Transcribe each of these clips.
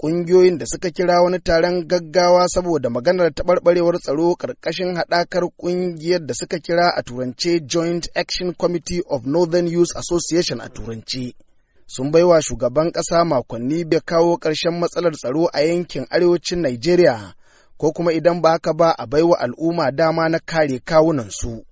ƙungiyoyin da suka kira wani taron gaggawa saboda maganar taɓarɓarewar tsaro ƙarƙashin haɗakar ƙungiyar da suka kira a turance Joint Action Committee of Northern Youth Association a turance. Sun baiwa shugaban ƙasa makonni bai kawo ƙarshen matsalar tsaro a yankin arewacin Najeriya, ko kuma idan ba haka ba a bai wa al'umma dama na kare kawunansu.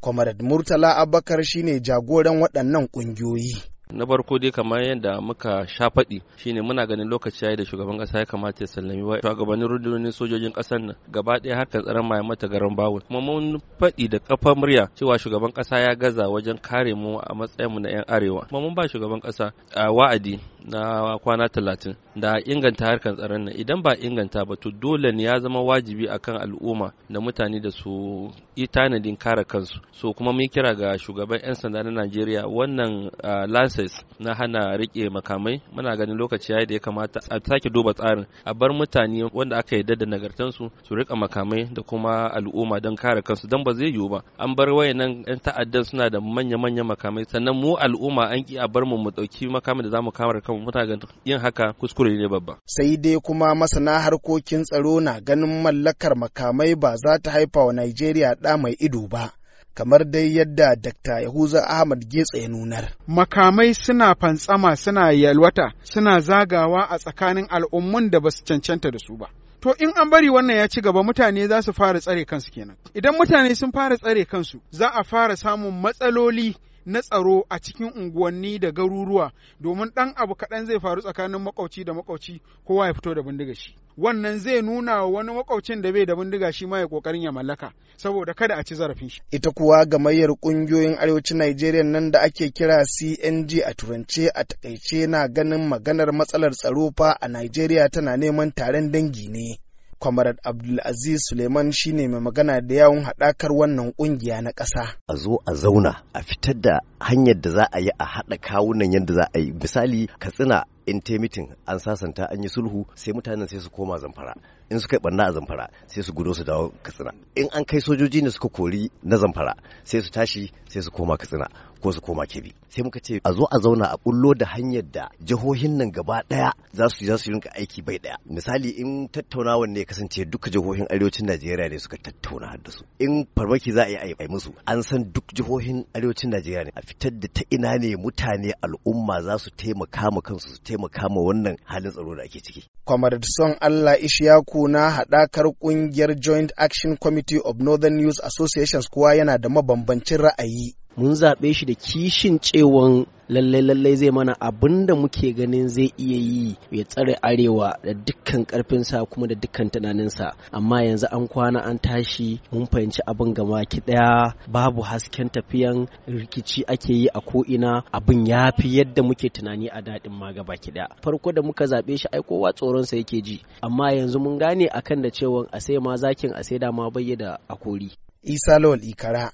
Comrade Murtala Abakar shine jagoran waɗannan ƙungiyoyi. na farko dai kamar yadda muka sha faɗi shine muna ganin lokaci yayi da shugaban ƙasa ya kamata ya sallami wa shugabannin rundunonin sojojin ƙasar nan gaba ɗaya harkar tsaron mai mata garin bawul kuma mun faɗi da kafa murya cewa shugaban ƙasa ya gaza wajen kare mu a matsayin mu na 'yan arewa kuma mun ba shugaban ƙasa a wa'adi na kwana talatin da inganta harkar tsaron nan idan ba inganta ba to dole ne ya zama wajibi akan al'umma da mutane da su yi tanadin kare kansu so kuma mun kira ga shugaban 'yan sanda na najeriya wannan last process na hana rike makamai muna ganin lokaci yayi da ya kamata a sake duba tsarin a bar mutane wanda aka yarda da nagartansu su rika makamai da kuma al'umma don kare kansu don ba zai yiwu ba an bar wayannan yan ta'addan suna da manya manya makamai sannan mu al'umma an ki a bar mu mu dauki makamai da zamu kamar kan muna ganin yin haka kuskure ne babba sai dai kuma masana harkokin tsaro na ganin mallakar makamai ba za ta haifa wa Najeriya da mai ido ba kamar dai yadda Dr. Yahuza Ahmad Getse ya nunar. Makamai suna fantsama suna yalwata suna zagawa a tsakanin al'ummun da ba su cancanta da su ba. To in an bari wannan ya ci gaba mutane za su fara tsare kansu kenan. Idan mutane sun fara tsare kansu za a fara samun matsaloli na tsaro a cikin unguwanni da garuruwa domin ɗan abu kaɗan zai faru tsakanin makwauci da makwauci kowa ya fito da bindiga shi wannan zai nuna wani makwaucin da bai da bindiga shi ma ya kokarin ya mallaka saboda kada a ci zarafin shi ita kuwa gamayyar ƙungiyoyin arewacin Najeriya nan da ake kira CNG a turance a takaice na ganin maganar matsalar tsaro fa a Najeriya tana neman taron dangi ne Kwamarat Abdulaziz Suleiman shine mai magana da yawun haɗakar wannan ƙungiya na ƙasa. A zo a zauna a fitar da hanyar da za a yi a haɗa kawunan yadda za a yi misali Katsina in ta mitin an sasanta an yi sulhu sai mutanen sai su koma zamfara in suka yi barna a zamfara sai su gudo su dawo katsina in an kai sojoji ne suka kori na zamfara sai su tashi sai su koma katsina ko su koma kebi sai muka ce a zo a zauna a bullo da hanyar da jihohin nan gaba daya za su za su rinka aiki bai daya misali in tattaunawan ne ya kasance duka jihohin arewacin Najeriya ne suka tattauna da su in farmaki za a yi a musu an san duk jihohin arewacin Najeriya ne a fitar da ta ina ne mutane al'umma za su taimaka ma kansu su taimaka ma wannan halin tsaro da ake ciki. Comrade Son Allah Ishiyaku na haɗakar ƙungiyar Joint Action Committee of Northern News Associations kuwa yana da mabambancin ra'ayi. Mun zaɓe shi da kishin cewon lallai lallai zai mana abin da muke ganin zai iya yi ya tsare arewa da dukkan karfinsa kuma da dukkan tunaninsa amma yanzu an kwana an tashi mun fahimci abin gama ki daya babu hasken tafiyan rikici ake yi a ko'ina abin ya fi yadda muke tunani a daɗin ma gaba ki daya farko da muka zaɓe shi ai kowa sa yake ji amma yanzu mun gane akan da cewa a sai ma zakin a sai da ma bayyana akori isa lawal ikara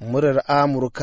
murar amurka